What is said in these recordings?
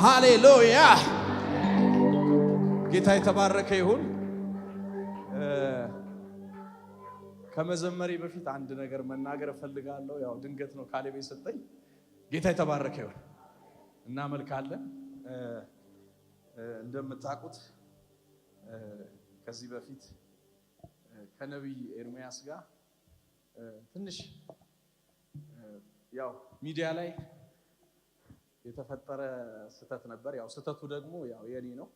ሃሌሉያ ጌታ የተባረከ ይሁን። ከመዘመሬ በፊት አንድ ነገር መናገር እፈልጋለሁ። ያው ድንገት ነው ካሌብ የሰጠኝ። ጌታ የተባረከ ይሁን። እናመልካለን። እንደምታውቁት ከዚህ በፊት ከነቢይ ኤርሚያስ ጋር ትንሽ ያው ሚዲያ ላይ የተፈጠረ ስህተት ነበር። ያው ስህተቱ ደግሞ ያው የኔ ነው።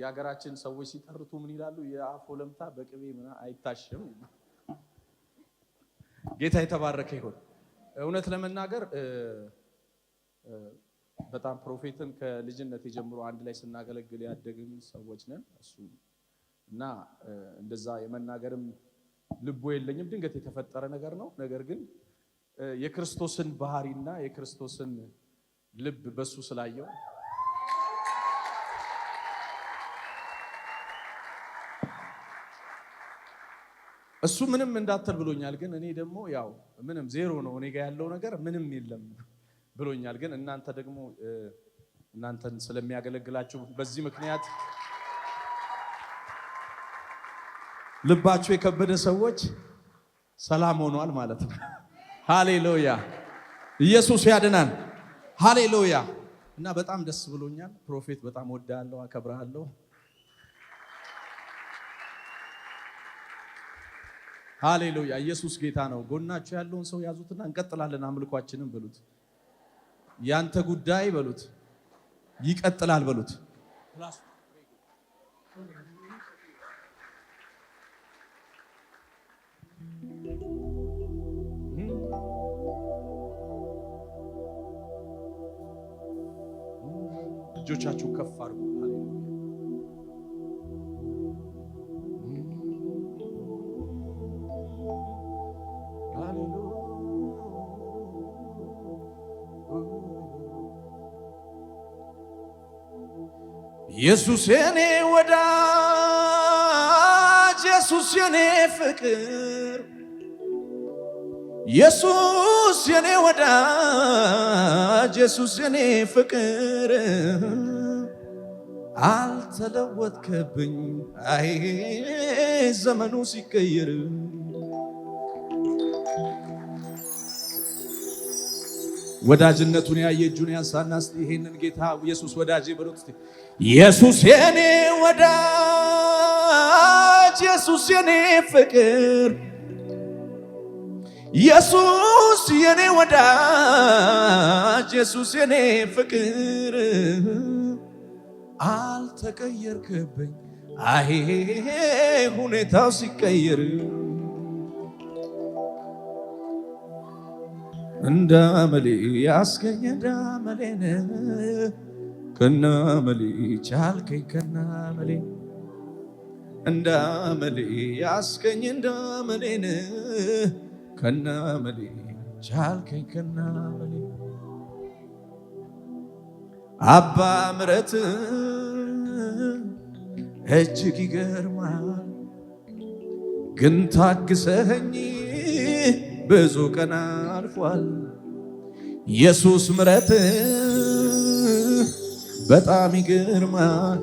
የሀገራችን ሰዎች ሲተርቱ ምን ይላሉ? የአፎ ለምታ በቅቤ ምና አይታሽም። ጌታ የተባረከ ይሁን። እውነት ለመናገር በጣም ፕሮፌትን ከልጅነት ጀምሮ አንድ ላይ ስናገለግል ያደግን ሰዎች ነን። እሱ እና እንደዛ የመናገርም ልቦ የለኝም። ድንገት የተፈጠረ ነገር ነው። ነገር ግን የክርስቶስን ባህሪና የክርስቶስን ልብ በሱ ስላየው እሱ ምንም እንዳትል ብሎኛል። ግን እኔ ደግሞ ያው ምንም ዜሮ ነው እኔ ጋር ያለው ነገር ምንም የለም ብሎኛል። ግን እናንተ ደግሞ እናንተን ስለሚያገለግላችሁ በዚህ ምክንያት ልባችሁ የከበደ ሰዎች ሰላም ሆኗል ማለት ነው። ሃሌሉያ! ኢየሱስ ያድናል። ሃሌሉያ! እና በጣም ደስ ብሎኛል። ፕሮፌት በጣም ወዳለው አከብራለሁ። ሃሌሉያ! ኢየሱስ ጌታ ነው። ጎናችሁ ያለውን ሰው ያዙትና እንቀጥላለን አምልኳችንን በሉት። ያንተ ጉዳይ በሉት፣ ይቀጥላል በሉት እጆቻችሁ ከፍ አድርጉ። ኢየሱስ የኔ ወዳጅ፣ ኢየሱስ የኔ ፍቅር፣ ኢየሱስ የኔ ወዳጅ፣ ኢየሱስ የኔ ፍቅር አልተለወጥከብኝ አይ ዘመኑ ሲቀየር ወዳጅነቱን ያየ እጁን ያንሳና እስቲ ይሄንን ጌታ ኢየሱስ ወዳጅ በሉት እስቲ ኢየሱስ የኔ ወዳጅ ኢየሱስ የኔ ፍቅር ኢየሱስ የኔ ወዳጅ ኢየሱስ የኔ ፍቅር አልተቀየርክብኝ አሄ ሁኔታው ሲቀየር እንዳመሌ መሌ ያስገኘ ዳመሌን ከና መሌ ቻልከኝ ከና መሌ ያስገኝ እንደ መሌን ከና ቻልከኝ ከና አባ ምረት እጅግ ይገርማል ግን ታግሰኝ ብዙ ቀን አልፏል። ኢየሱስ ምረት በጣም ይገርማል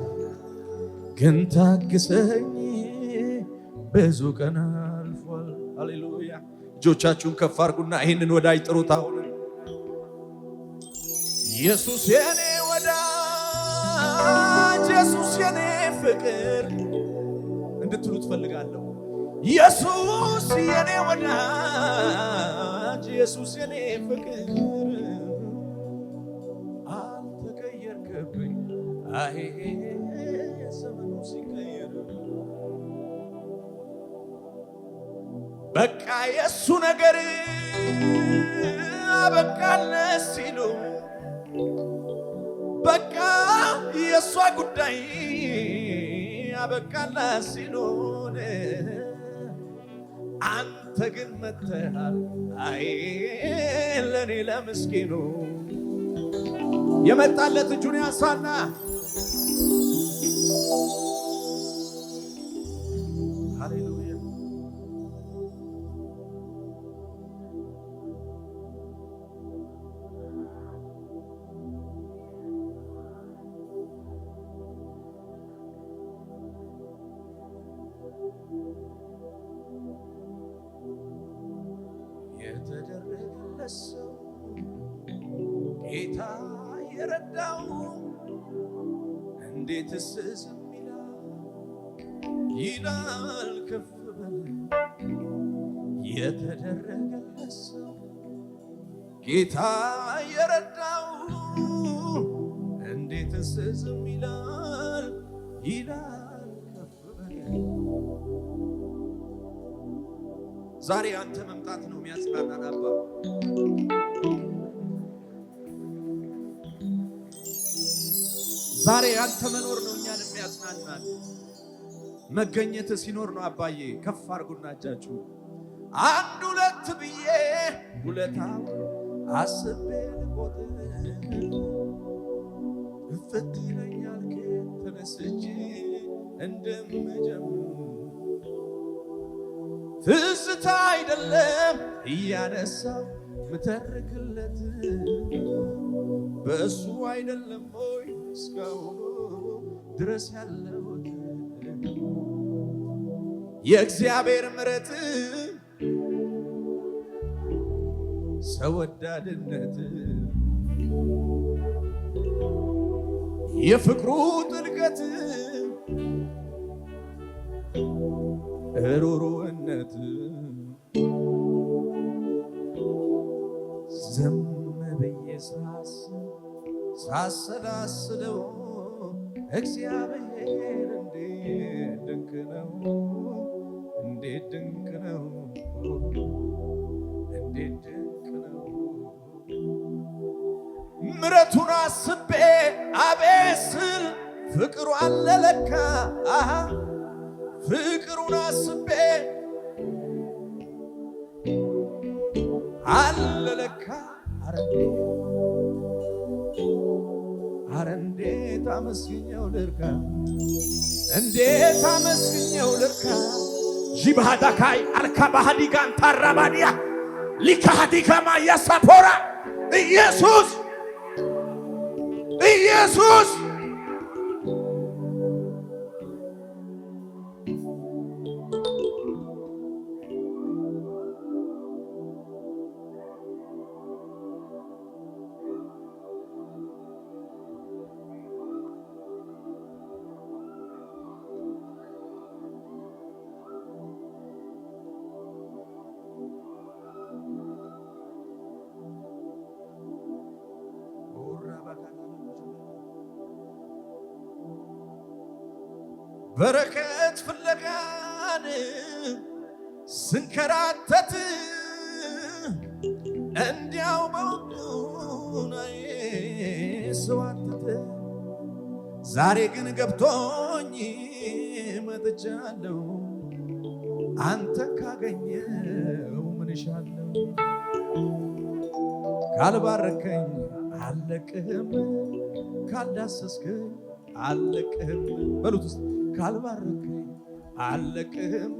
ግን ታግሰኝ ብዙ ቀን አልፏል። ሃሌሉያ! እጆቻችሁን ከፍ አድርጉና ይህንን ወዳጅ ጥሩት አሁን ኢየሱስ የኔ ኢየሱስ የኔ ፍቅር እንድትሉ ትፈልጋለሁ። ኢየሱስ የኔ ወዳጅ፣ ኢየሱስ የኔ ፍቅር አልተቀየርክብኝ። አይ ዘመኑ ሲቀየር በቃ የእሱ ነገር አበቃለ ሲሉ በቃ የእሷ ጉዳይ አበቃላ ሲሉን አንተ ግን መተሃል አይ ለኔ ለምስኪኑ የመጣለት እጁን ያንሳና ቤትስ ዝም ይላል ይላል ከፍ በል የተደረገለት ሰው ጌታ የረዳው እንዴትስ ዝም ይላል ይላል ከፍ በል ዛሬ አንተ መምጣት ነው የሚያጽናናን አባ ዛሬ ያንተ መኖር ነው እኛን የሚያጽናናን። መገኘት ሲኖር ነው አባዬ። ከፍ አርጉና እጃችሁ አንድ ሁለት ብዬ ሁለታ አስቤ ልቆጥር እፍት ይለኛል ከተነስቼ እንደምጀምር ትዝታ አይደለም እያነሳ ምተርክለት በእሱ አይደለም ሆይ እስካሁኑ ድረስ ያለው የእግዚአብሔር ምሕረት ሰው ወዳድነት የፍቅሩ ጥልቀት ሩሩነት ዘም ብዬ ሳሰላስለው እግዚአብሔር እንዴት ድንቅ ነው፣ እንዴት ድንቅ ነው፣ እንዴት ድንቅ ነው። ምረቱን አስቤ አቤት ፍቅሩ አለለካ ፍቅሩን አስቤ አለለካ አረ እንዴት አመስግኘው ልርካ፣ እንዴት አመስግኘው ልርካ። ጂባሃዳካይ አልካ ታራባዲያ ሊካሃዲጋማ ያሳፖራ ኢየሱስ ኢየሱስ ስንከራተት እንዲያው በውዱናዬ ስዋትት ዛሬ ግን ገብቶኝ መጥቻለሁ አንተ ካገኘው ምንሻለሁ ካልባረከኝ አለቅህም ካልዳሰስከኝ አለቅህም በሉት ካልባረከኝ አለቅህም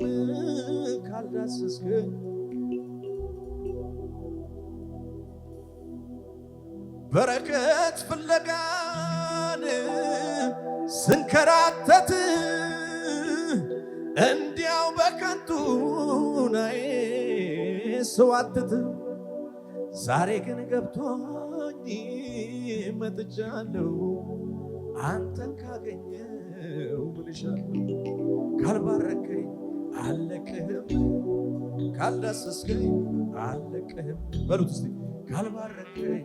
ካልዳስስክ በረከት ፍለጋን ስንከራተት እንዲያው በከንቱ ናይ ስዋትት ዛሬ ግን ገብቶኝ መጥቻለሁ አንተን ካገኘ ብልሻለሁ። ካልባረከኝ አለቅህም፣ ካልዳሰስከኝ አለቅህም። በሉት እስቲ ካልባረከኝ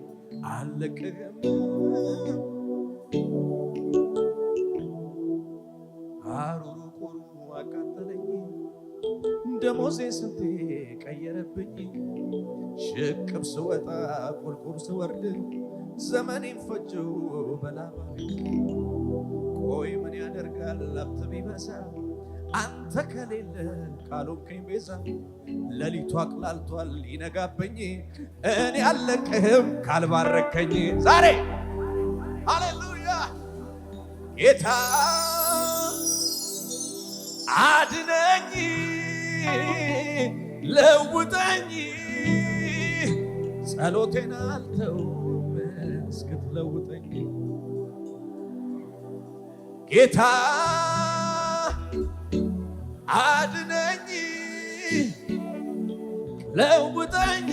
አለቅህም፣ አሩሩ ቁሩ አቃጠለኝ፣ ደሞዜ ስንቴ ቀየረብኝ፣ ሽቅብ ስወጣ ቁልቁል ስወርድ ዘመኔን ፈጀው በላባ ሆይ ምን ያደርጋል ሀብት ቢበዛ አንተ ከሌለ ቃሉኝ ቤዛ ለሊቱ አቅላልቷል ይነጋበኝ እኔ አለቅህም ካልባረከኝ ዛሬ ሃሌሉያ ጌታ አድነኝ ለውጠኝ ጸሎቴን አልተውም እስክትለውጠኝ ጌታ አድነኝ ለውጠኝ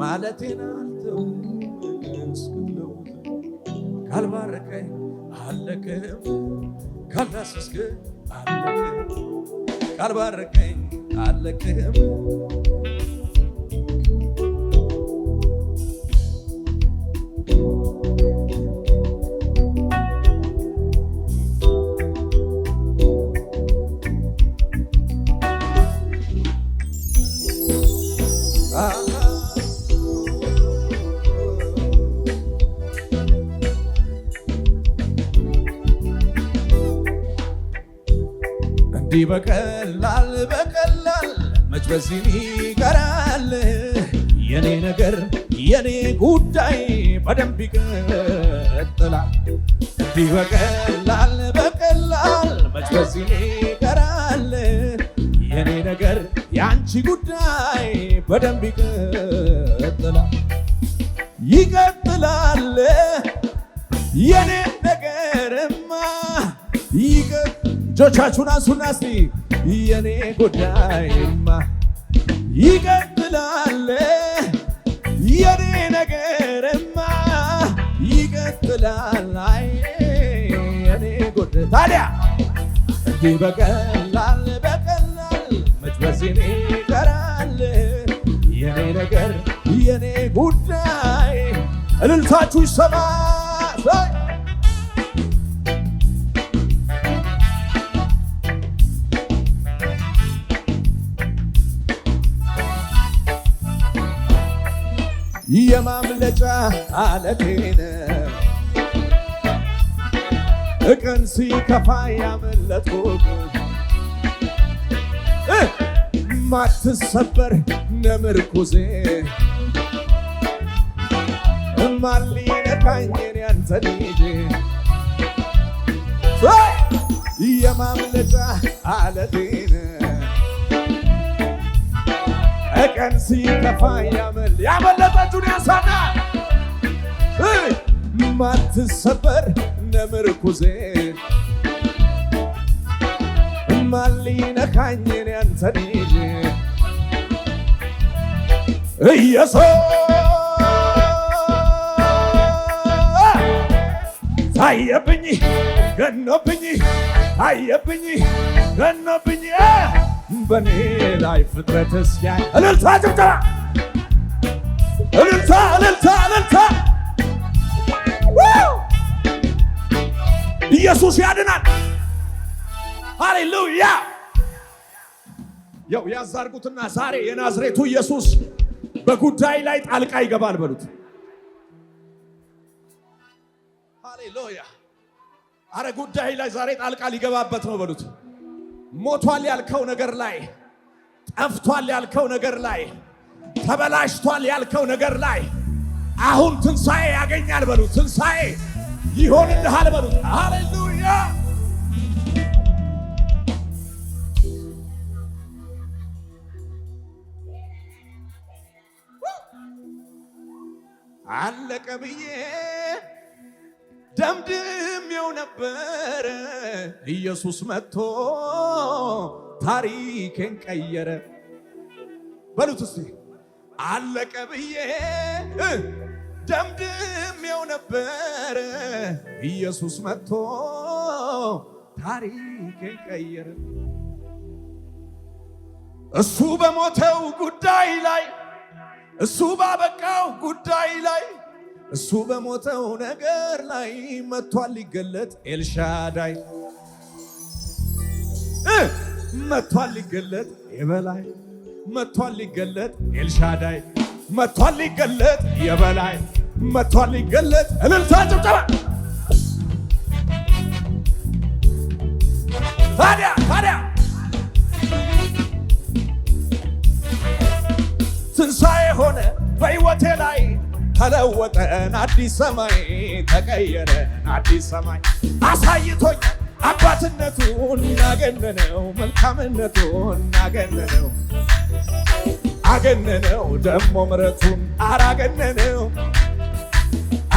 ማለቴን አልተውም ካልባረከኝ አለቅም ካልዳሰስክ አለቅም ካልባረከኝ አለቅም እንዲህ በቀላል በቀላል መች በዚህ ይቀራል የኔ ነገር የኔ ጉዳይ በደንብ ይቀጥላል። እንዲህ በቀላል በቀላል መች በዚህ ይቀራል የኔ ነገር የአንቺ ጉዳይ በደንብ ይቀጥላል ይቀጥላል የኔ እጆቻችሁን አንሱና እስቲ የኔ ጉዳይማ ይቀጥላል የኔ ነገርማ ይቀጥላል የኔ ጉዳይ ታዲያ እንዲህ በቀላል በቀላል መች በዚህ ይቀራል የኔ ነገር የኔ ጉዳይ እልልታችሁ ይሰማ የማምለጫ አለቴነ እቀን ሲከፋ ያመለጥኩት ማትሰበር ነምርኩዜ እማሊነካኝን ያንተን ይዤ የማምለጫ አለቴነ እቀን ሲከፋ ያመል ያመለጠችውን ያንሳና ማትሰበር ነምርኩዜ ማሊነካኝን ያንተን ኢየሱስ ታየብኝ ገኖብኝ ታየብኝ ገኖብኝ በኔ ላይ ፍጥረት እስያ እልልታ ጭብጨባ እልልታ እልልታ እልልታ ኢየሱስ ያድናል። ሃሌሉያ ያው ያዛርጉትና ዛሬ የናዝሬቱ ኢየሱስ በጉዳይ ላይ ጣልቃ ይገባል በሉት። ሃሌሉያ አረ ጉዳይ ላይ ዛሬ ጣልቃ ሊገባበት ነው በሉት። ሞቷል ያልከው ነገር ላይ ጠፍቷል ያልከው ነገር ላይ ተበላሽቷል ያልከው ነገር ላይ አሁን ትንሣኤ ያገኛል በሉ። ትንሣኤ ይሆንልሃል በሉ። ሃሌሉያ! አለቀ ብዬ ደምድሜው ነበረ ኢየሱስ መጥቶ ታሪኬን ቀየረ። በሉት እስቲ አለቀ ብዬ ደምድሜው ነበረ ኢየሱስ መጥቶ ታሪኬን ቀየረ። እሱ በሞተው ጉዳይ ላይ እሱ ባበቃው ጉዳይ ላይ እሱ በሞተው ነገር ላይ መጥቷል ሊገለጥ ኤልሻዳይ መቷል ሊገለጥ የበላይ መቷል ሊገለጥ ኤልሻዳይ መጥቷል ሊገለጥ የበላይ መጥቷል ሊገለጥ እልልታ ጭብጨባ ታዲያ ታዲያ ተለወጠን አዲስ ሰማይ ተቀየረን አዲስ ሰማይ አሳይቶኛ አባትነቱን አገነነው መልካምነቱን አገነነው አገነነው ደግሞ ምረቱን አራገነነው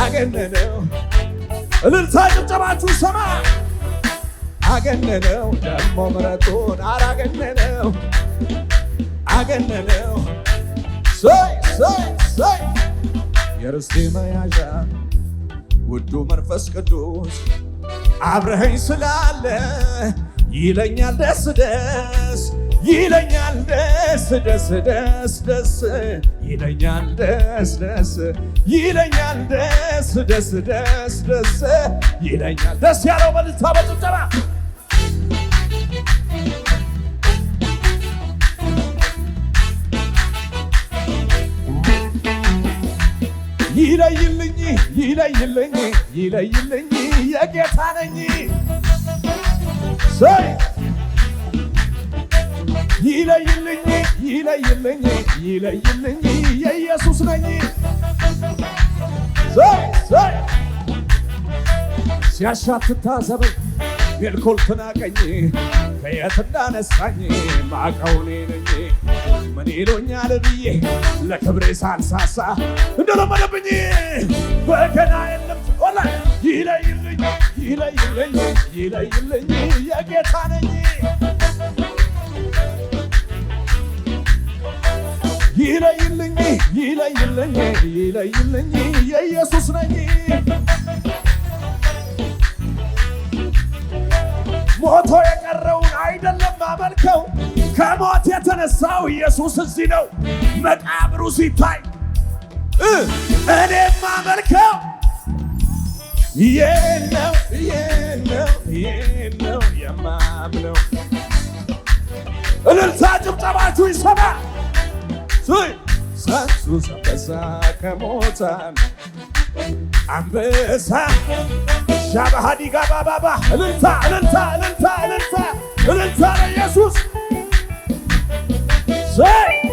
አገነነው እልልታ ጭብጨባችሁ ሰማ አገነነው ደግሞ ምረቱን አራገነነው አገነነው የርስቴ መያዣ ውዱ መንፈስ ቅዱስ አብረኸኝ ስላለ ይለኛል ደስ ደስ ይለኛል ደስ ደስ ደስ ደስ ይለኛል ደስ ደስ ይለኛል ደስ ደስ ደስ ደስ ይለኛል ደስ ያለው በልታ በጭብጨባ ይለይልኝ ይለይልኝ ይለይልኝ የጌታ ነኝ ይለይልኝ ይለይልኝ ይለይልኝ የኢየሱስ ነኝ ሲያሻትታ ዘበኝ ሜልኮል ትናቀኝ ከየት እንዳነሳኝ ማቀውኔ ነኝ ምን ይሉኛል ብዬ ለክብሬ ሳልሳሳ እንደለመደብኝ በገናዬን ልብስ ወላ ይለይልኝ ይለይልኝ ይለይልኝ የጌታ ነኝ ይለይልኝ ይለይልኝ ይለይልኝ የኢየሱስ ነኝ ሞቶ የቀረውን አይደለም ማመልከው። ከሞት የተነሳው ኢየሱስ እዚህ ነው። መቃብሩ ሲታይ እኔ ማመልከው የነው የነው የነው የማምነው። እልልታ ጭብጨባችሁ ይሰማ ሳሱ ሰበሳ ከሞታን አንበሳ ሻባሃዲ ጋባባባ እልልታ እልልታ እልልታ እልልታ እልልታ ለኢየሱስ ዘይ